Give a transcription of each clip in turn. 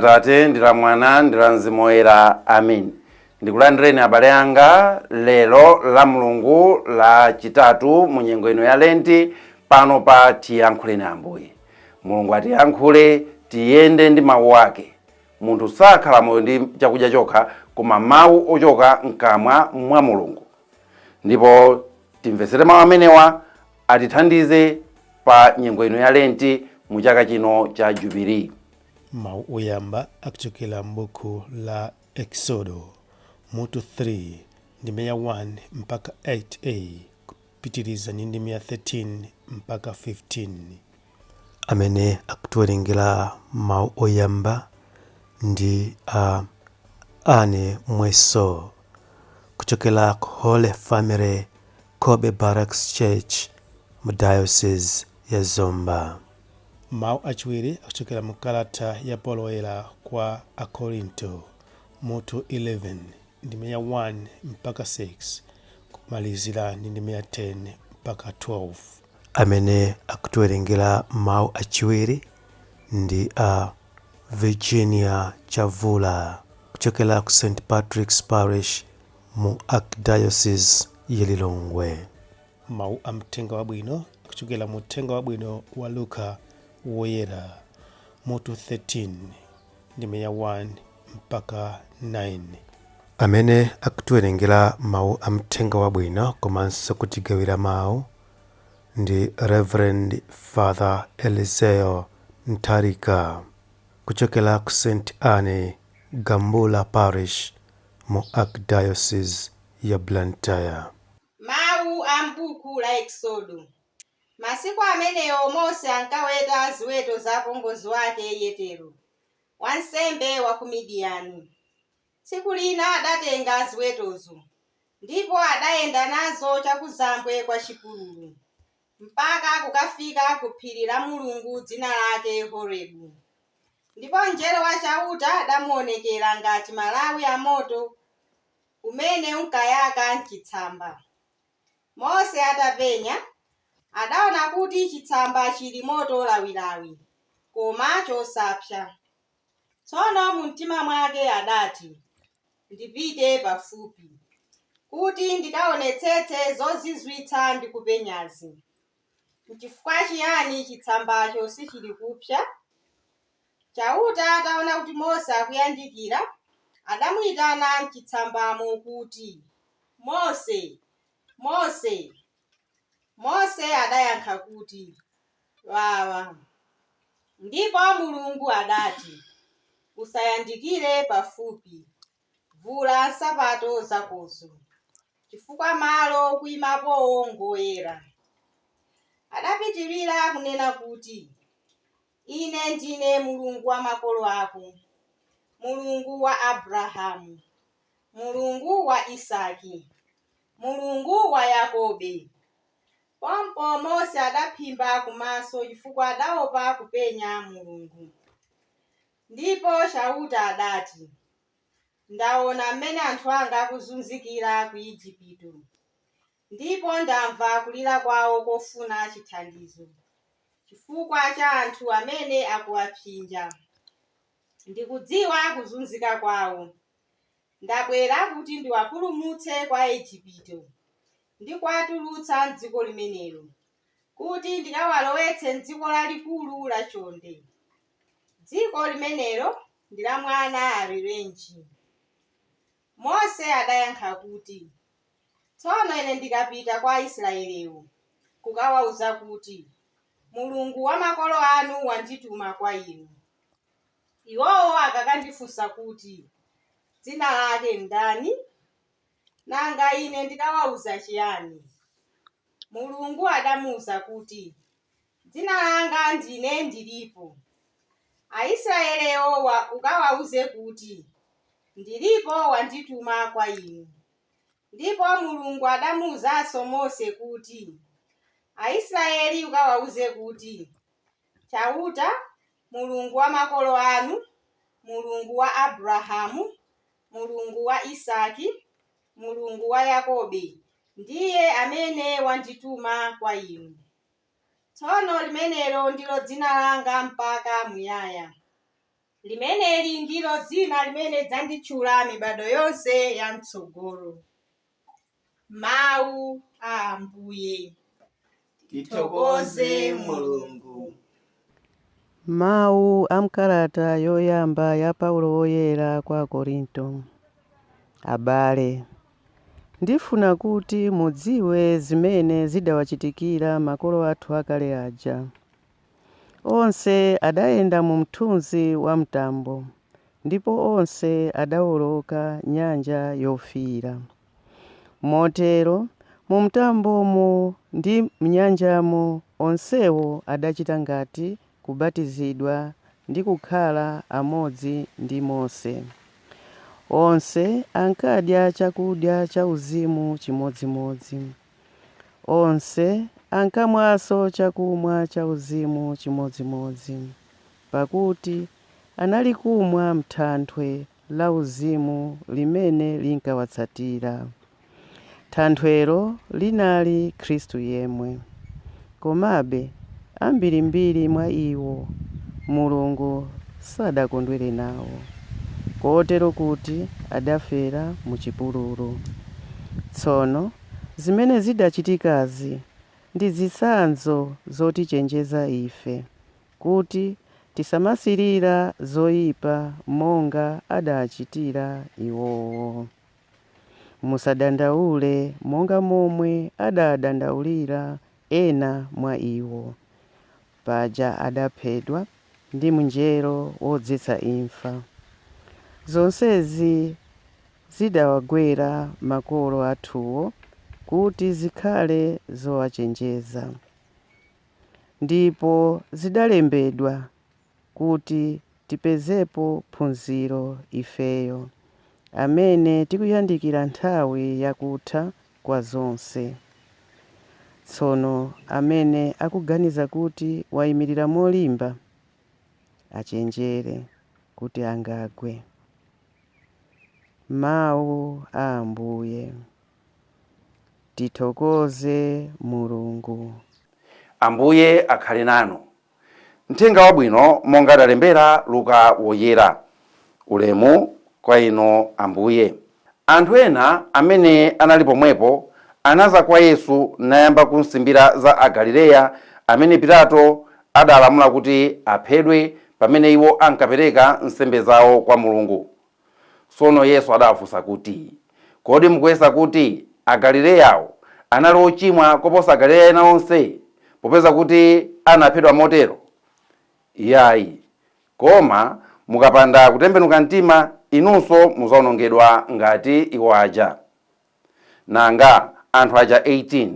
tate ndira mwana ndira mzimu woyera ndikulandireni abale anga lero la mulungu la chitatu mu nyengo ino ya lenti pano pa tiyankhuleni ambuye mulungu atiyankhule tiyende ndi mawu ake munthu sakhala moyo ndi chakudya chokha koma mawu ochoka mkamwa mwa mulungu ndipo timvesere mawu amenewa atithandize pa nyengo ino ya lenti mu chaka chino cha jubilii mau oyamba akucokela mbuku la exodo mutu 3 ndima ya 1 mpaka 8a kupitiriza ni ndima ya 13 mpaka 15 amene akutiwerengera mau oyamba ndi a ane mweso kuchokera ku holy family kobe barracks church mu diocese ya zomba mawu achiwiri akuchokera mu kalata ya polowera kwa akorinto mutu 11 ndime ya 1 mpaka 6 kumalizira ndi ndime ya 10 mpaka 12 amene akutiwerengera mawu achiwiri ndi a virginia chavula kuchokera ku st patrick's parish mu archdiocese yelilongwe mawu amthenga wabwino akuchokera mu thenga wabwino wa luka woyera moto 13 ndime ya 1 mpaka 9 amene akutiwerengera mawu amthenga wabwino komanso kutigawira mawu ndi reverend father eliseo ntarika kuchokera ku st anne gambula parish mu archdiocese ya blantyre mawu a mbuku la exodo masiku amenewo mose ankaweta ziweto za apongozi wake yetero wansembe wa ku midiyani tsiku lina adatenga ziwetozo ndipo adayenda nazo chakuzambwe kwa chipululu mpaka kukafika ku phiri la mulungu dzina lake horebu ndipo mngelo wachauta adamuonekera ngati malawi amoto umene unkayaka mchitsamba mose atapenya adaona kuti chitsamba chili moto lawilawi koma chosapsa tsono mu mtima mwake adati ndipite pafupi kuti ndikaonetsetse zozizwitsa ndi ndikupenyazi nchifukwa chiyani chitsambacho sichili kupsa chauta ataona kuti mose akuyandikira adamuyitana mchitsambamo kuti mose mose Mose adayankha kuti wawa ndipo Mulungu adati usayandikire pafupi vula nsapato zakozo chifukwa malo kuyimapowo ngoyera. Adapitirira kunena kuti ine ndine Mulungu wa makolo ako, Mulungu wa Abrahamu, Mulungu wa Isaki, Mulungu wa Yakobe Pompo Mose adaphimba kumaso chifukwa adaopa kupenya Mulungu. Ndipo Shauta adati, ndaona mmene anthu anga akuzunzikira ku Igupto, ndipo ndamva kulira kwawo kofuna chithandizo chifukwa cha anthu amene akuwapsinja. Ndikudziwa kuzunzika kwawo, ndabwera kuti ndiwapulumutse kwa Igupto. ndi kuwatulutsa m'dziko limenelo, kuti ndikawalowetse m'dziko lalikulu lachonde. Dziko limenelo ndi la mwana alirenji. Mose adayankha kuti, tsono ine ndikapita kwa Aisraelewo kukawawuza kuti, Mulungu wa makolo anu wandituma kwa inu. Iwowo akakandifunsa kuti, dzina lake ndani? nanga ine ndidawawuza chiyani mulungu adamuwuza kuti dzina langa ndine ndilipo aisraeli ewowa ukawauze kuti ndilipo wandituma kwa inu ndipo mulungu adamuuzanso mose kuti aisraeli ukawawuze kuti chauta mulungu wa makolo anu mulungu wa abrahamu mulungu wa isaki Mulungu wa Yakobe ndiye amene wandituma kwa inu. Tsono limenelo ndilo dzina langa mpaka muyaya. Limeneli ndilo dzina limene dzanditchula mibado yonse ya mtsogolo. Mawu a Ambuye. titokoze Mulungu. Mawu a mkalata yoyamba ya Paulo woyera kwa Korinto. Abale Ndifuna kuti mudziwe zimene zidawachitikira makolo athu akale aja. Onse adayenda mu mthunzi wa mtambo, ndipo onse adawoloka nyanja yofiira. Motero mu mtambomo ndi m'nyanjamo onsewo adachita ngati kubatizidwa ndi kukhala amodzi ndi Mose onse ankadya chakudya cha uzimu chimodzimodzi onse ankamwaso chakumwa cha uzimu chimodzimodzi pakuti anali kumwa m'thanthwe la uzimu limene linkawatsatira thanthwelo linali khristu yemwe komabe ambirimbiri mwa iwo mulungu sadakondwere nawo kootera kuti adafera mu chipululu tsono zimene zidachitikazi ndi zisanzo zotichenjeza ife kuti tisamasirira zoyipa monga adachitira iwowo musadandaule monga momwe adadandaulira ena mwa iwo paja adaphedwa ndi mnjero wodzetsa imfa zonse ezi zidawagwera makolo athuwo kuti zikhale zowachenjeza ndipo zidalembedwa kuti tipezepo phunziro ifeyo amene tikuyandikira nthawi yakutha kwa zonse tsono amene akuganiza kuti wayimirira molimba achenjere kuti angagwe Mawu ambuye tithokoze mulungu ambuye akhale nanu mthenga wabwino monga adalembera luka woyera ulemu kwa inu ambuye anthu ena amene anali pomwepo anaza kwa yesu nayamba kunsimbira za agalileya amene pilato adalamula kuti aphedwe pamene iwo ankapereka nsembe zawo kwa mulungu sono yesu adafusa kuti kodi mukuyesa kuti agalileyawo anali ochimwa koposa agalileya ena onse popeza kuti anaphedwa motero yayi koma mukapanda kutembenuka mtima inunso muzawonongedwa ngati iwo aja nanga anthu aja 18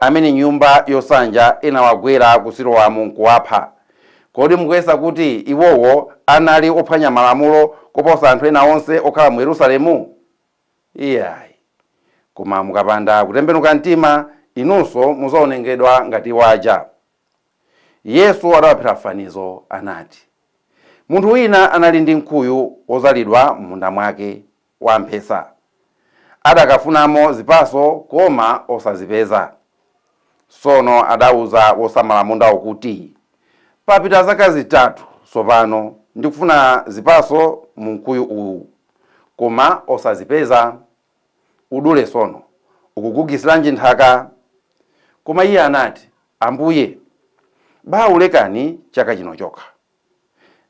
amene nyumba yosanja inawagwera kusirowamo nkuwapha kodi mukuyesa kuti iwowo anali ophwanya malamulo koposa anthu ena onse okhala mu yerusalemu iyayi koma mukapanda kutembenuka mtima inunso muzaonengedwa ngati waja yesu adawaphera fanizo anati munthu wina anali ndi mkhuyu wozalidwa m'munda mwake wamphesa adakafunamo zipaso koma osazipeza tsono adawuza wosamala mundawo kuti papita zaka zitatu sopano ndikufuna zipaso munkuyu uwu koma osazipeza udule sono ukugugisiranji nthaka koma iye anati ambuye baulekani chaka chino chokha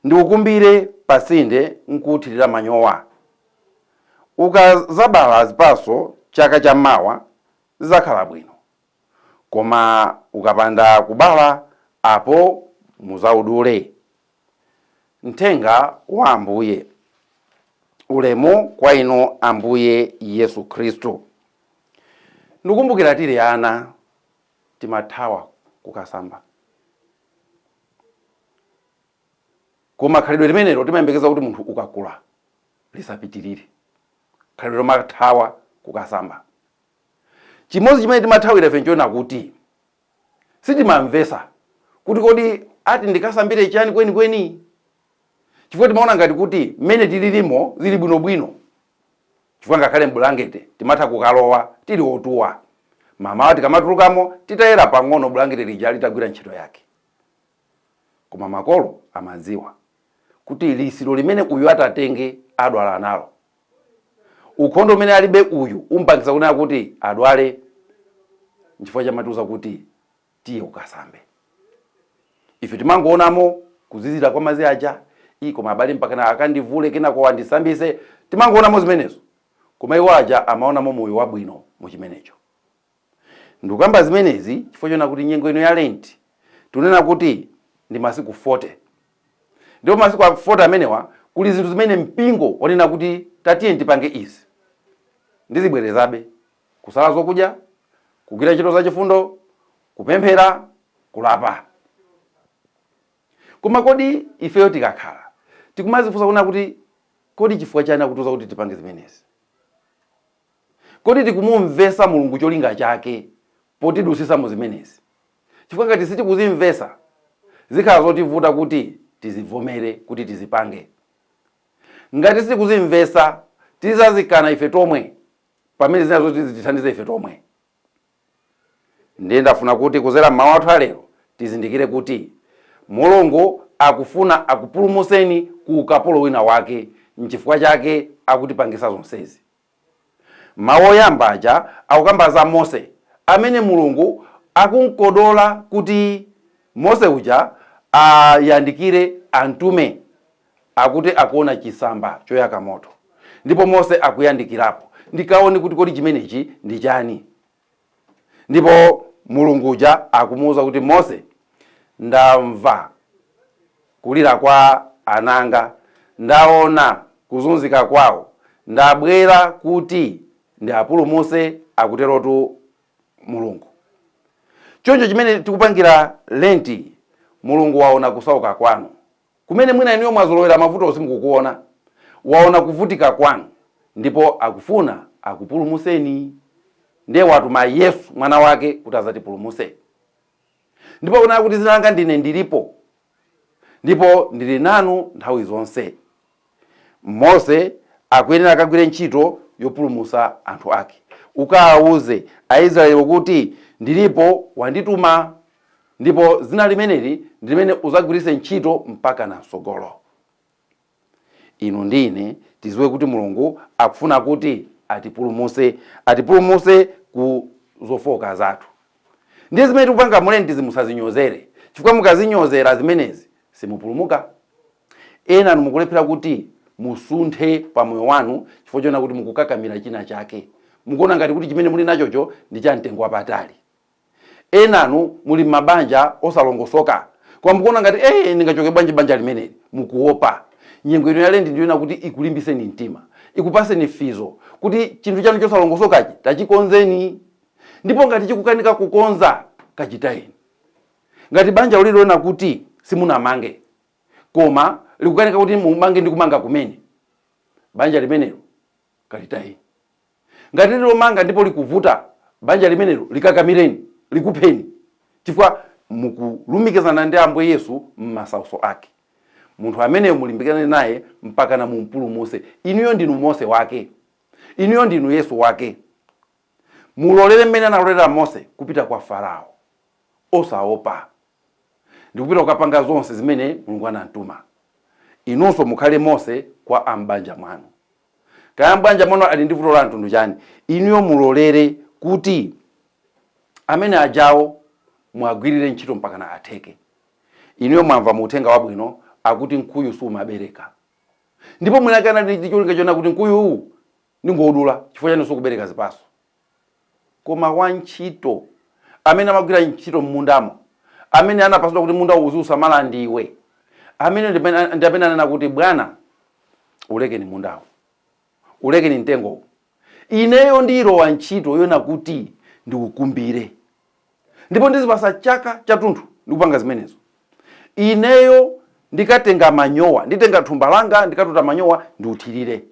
ndiukumbire pasinde nkuthirira manyowa ukazabala zipaso chaka cha mmawa zizakhala bwino koma ukapanda kubala apo muzaudule ntenga wa ambuye ulemu kwa ino ambuye yesu khristu ndikumbukira tili ana timathawa kukasamba koma khalidwe limenelo timayembekeza kuti munthu ukakula lisapitirire khalidwe lomathawa kukasamba chimodzi chimene timathawira ife nchona kuti sitimamvesa kuti kodi ati ndikasambire chani kweni kweni chifukwa timaona ngati kuti mmene tililimo zili bwinobwino chifukwa ngakhale mbulangete timatha kukalowa tili otuwa mamawa tikamatulukamo titayera pang'ono bulangete lija litagwira ntchito yake koma makolo amadziwa kuti lisiro limene uyu atatenge adwala nalo ukhondo umene alibe uyu umpangiza kunena kuti adwale nchifukwa chamatiuza kuti tiye ukasambe ife ifitimangoonamo kuzizira kwa mazi aja iko mabali mpakana akandivule kina kwa wandisambise timangoonamo zimenezo koma iwo aja amaonamo moyo wabwino muchimenecho ndikukamba zimenezi chifukwa chona kuti nyengo ino ya lenti tunena kuti ndi masiku 40 ndipo masiku a 40 amenewa kuli zinthu zimene mpingo wanena kuti tatiye ndipange izi ndizibwerezabe kusala zokudya kugwira ntchito zachifundo kupemphera kulapa koma kodi ifeyo tikakhala tikumazifunsa kuna kuti kodi chifukwa chani akutiuza kuti tipange zimenezi kodi tikumumvesa mulungu cholinga chake mu zimenezi chifukwa ngati sitikuzimvesa zikhala zotivuta kuti tizivomere kuti tizipange ngati sitikuzimvesa tizazikana ife tomwe pamene zina zoti zitithandize ife tomwe ndiye ndafuna kuti kuzera mmawu athu alero tizindikire kuti mulungu akufuna akupulumuseni ku ukapolo wina wake nchifukwa chake akutipangisa zonsezi mawu oyamba aja akukamba za mose amene mulungu akunkodola kuti mose uja ayandikire antume akuti akuona chisamba choyaka moto ndipo mose akuyandikirapo ndikaone kuti kodi chimenechi ndi chani ndipo uja akumuwuza kuti mose ndamva kulira kwa ananga ndaona kuzunzika kwawo ndabwera kuti ndiapulumuse akuterotu mulungu choncho chimene tikupangira lenti mulungu waona kusauka kwanu kumene mwina inuyo mwazolowera mavuto simukukuona waona kuvutika kwanu ndipo akufuna akupulumuseni ndiye watuma yesu mwana wake kuti azatipulumuse ndipo kunena kuti zina langa ndine ndilipo ndipo ndili nanu nthawi zonse mose akuyenera akagwire ntchito yopulumusa anthu ake ukaawuze aisraeli kuti ndilipo wandituma ndipo zina limeneli ndilimene uzagwirise ntchito mpaka msogolo inu ndine tiziwe kuti mulungu akufuna kuti atipulumuse atipulumuse ku zofoka zathu ndi zimene tikupanga mulendizi musazinyozere chifukwa mukazinyozera zimenezi simupulumuka ena mukulephera kuti musunthe pamoyo wanu chifukwa chona kuti mukukakamira china chake mukuona ngati kuti chimene muli nachocho ndi cha mtengo wapatali enanu muli mabanja osalongosoka kwa mukuona ngati eh ndingachoke banja banja limeneli mukuopa nyengo ino yale ndiyona kuti ikulimbiseni mtima ikupaseni fizo kuti chinthu chanu chosalongosokachi tachikonzeni ndipo ngati chikukanika kukonza kachitaini ngati banja uliloona kuti simunamange koma likukanika kuti mumange ndi kumanga kumene banja limenelo kalitayi ngati lilomanga ndipo likuvuta banja limenelo likakamireni likupheni chifukwa mukulumikizana ndi ambuye yesu mmasauso ake munthu ameneyo mulimbikane naye mpaka na mose inuyo ndinu mose wake inuyo ndinu yesu wake mulolele mmene analolera Mose kupita kwa Farao osaopa ndi kupita kukapanga zonse zimene Mulungu anamtuma. Inunso mukhale Mose kwa ambanja mwanu. Kaya ambanja mwanu ali ndi vuto la mtundu chani? Inuyo mulolere kuti amene ajawo mwagwirire ntchito mpaka na atheke. Inuyo mwamva muuthenga wabwino akuti nkhuyu sumabereka. Ndipo mwinakana ndi cholinga chona kuti nkhuyu uwu ndingodula chifukwa chani sukubereka zipaso koma wa ntchito amene amagwira ntchito m'mundamo amene anapasidwa kuti munda uzu ndiwe amene ndi anena kuti bwana ulekeni mundawo ulekeni mtengowo ineyo ndiilowa ntchito yona kuti ndikukumbire ndipo ndizipasa chaka chathunthu ndikupanga zimenezo ineyo ndikatenga manyowa nditenga thumba langa ndikatuta manyowa ndiuthirire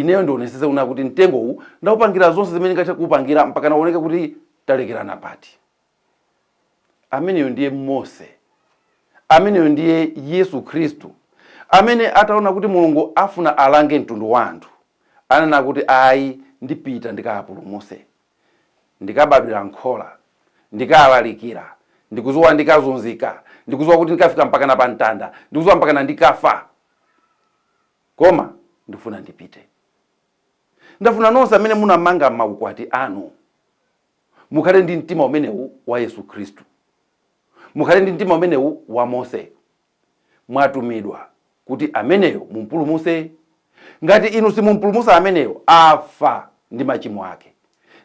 ineyo ndionesese una kuti mtengo u ndaupangira zonse zimene ngati kuupangira mpaka naoneka kuti talekerana pati ameneyo ndiye mose ameneyo ndiye yesu khristu amene ataona kuti mulungu afuna alange mtundu wa anthu anena kuti ayi ndipita mose ndikababira nkhola ndikalalikira ndikuzowa ndikazunzika ndikuzwa kuti ndikafika mpakana pa mtanda ndikuzowa mpakana ndikafa koma ndikufuna ndipite ndafuna nonse amene munamanga maukwati anu mukhale ndi mtima umenewu wa yesu khristu mukhale ndi mtima umenewu wa mose mwatumidwa kuti ameneyo mumpulumuse ngati inu simumpulumusa ameneyo afa ndi machimo ake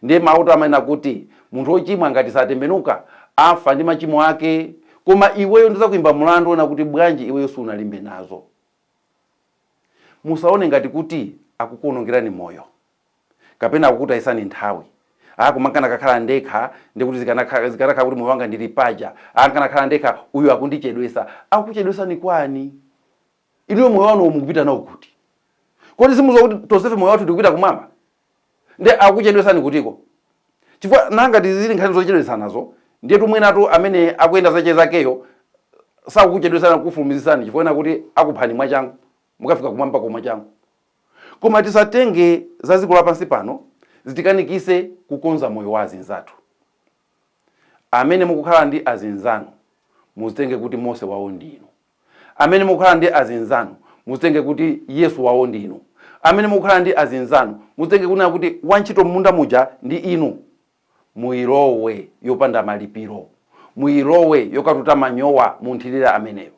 ndiye mauto amanena kuti munthu ochimwa ngati satembenuka afa ndi machimo ake koma iweyo kuimba mulandu wena kuti bwanji iweyo sunalimbe nazo musaone ngati kuti akukuwonongerani moyo kapena kukuta isani nthawi akumankana kakhala ndekha ndikuti zikanakha kuti moyo wanga ndili paja ankanakhala ndekha uyu akundichedwesa akuchedwesani kwani inuyo moyo wanu mukupita nawo kuti kodi simuzwa kuti tonsefe moyo wathu tikupita kumama nde akuchedwesani kutiko chifukwa nanga tizili nkhani zochedwesanazo ndiye tumwenatu amene akuyenda zache zakeyo sakukuchedwesana kufulumizisani chifukwa ena kuti akuphani mwachangu mukafika kumwamba komwachangu koma tisatenge za dziko lapansi pano zitikanikise kukonza moyo wa azinzathu amene mukukhala ndi azinzanu muzitenge kuti mose wawo ndinu amene mukukhala ndi azinzanu muzitenge kuti yesu wawo ndinu amene mukukhala ndi azinzanu muzitenge kunena kuti wantchito m'munda muja ndi inu muilowe yopanda malipiro muirowe yokatuta manyowa munthirira ameneyo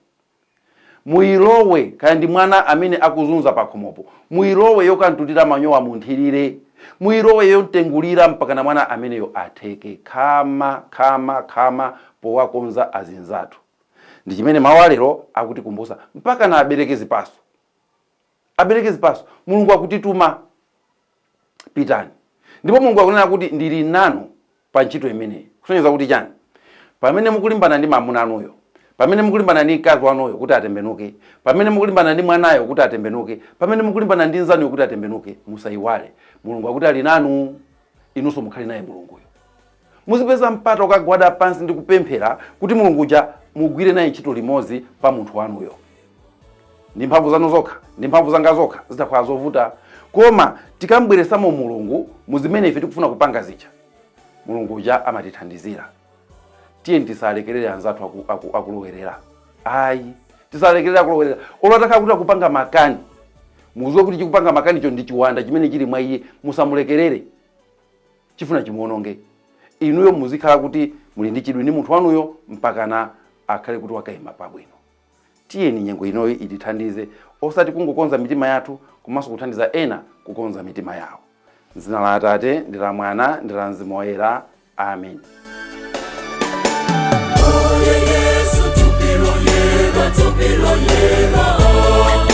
muilowe kandi mwana amene akuzunza pakhomopo muilowe yokantutira manyo wamunthirire muilowe yontengulira mpakana mwana ameneyo atheke khama khama khama powakonza azinzatu ndi chimene mawu alero akutikumbusa mpakana aberekezi paso aberekezi paso mulungu akutituma pitani ndipo mulungu akunena kuti ndili nanu pa ntchito imeneyi kusonyeza kuti chani pamene mukulimbana ndi mamuna anuyo pamene mukulimbana ndi mkazi wanoyo kuti atembenuke pamene mukulimbana ndi mwanayo kuti atembenuke pamene mukulimbana ndi nzanu kuti atembenuke musaiwale mulungu akuti ali nanu inunso mukhale naye mulunguyo muzipeza mpata ukagwada pansi ndi kupemphera kuti mulungu uja mugwire naye ntchito limozi pa munthu wanuyo ndi mphamvu zanu zokha ndi mphamvu zanga zokha zitakhala zovuta koma tikambweresamo mulungu muzimene ife tikufuna kupanga zicha mulungu uja amatithandizira tiye tisalekerere anzathu aku, akulowerera aku ayi tisalekerere akulowerera olwatakhala kuti akupanga makani mukuziwa kuti chikupanga cho ndi chiwanda chimene chili mwa iye musamulekerere chifuna chimuononge inuyo muzikhala kuti muli ndi chidwi ndi munthu wanuyo mpakana akhale kuti wakayima pabwino tiyeni nyengo inoyi itithandize osati kungokonza mitima yathu komanso kuthandiza ena kukonza mitima yawo mzina la atate ndi la mwana ndi la mzimu woyera amen katopilo yena oh.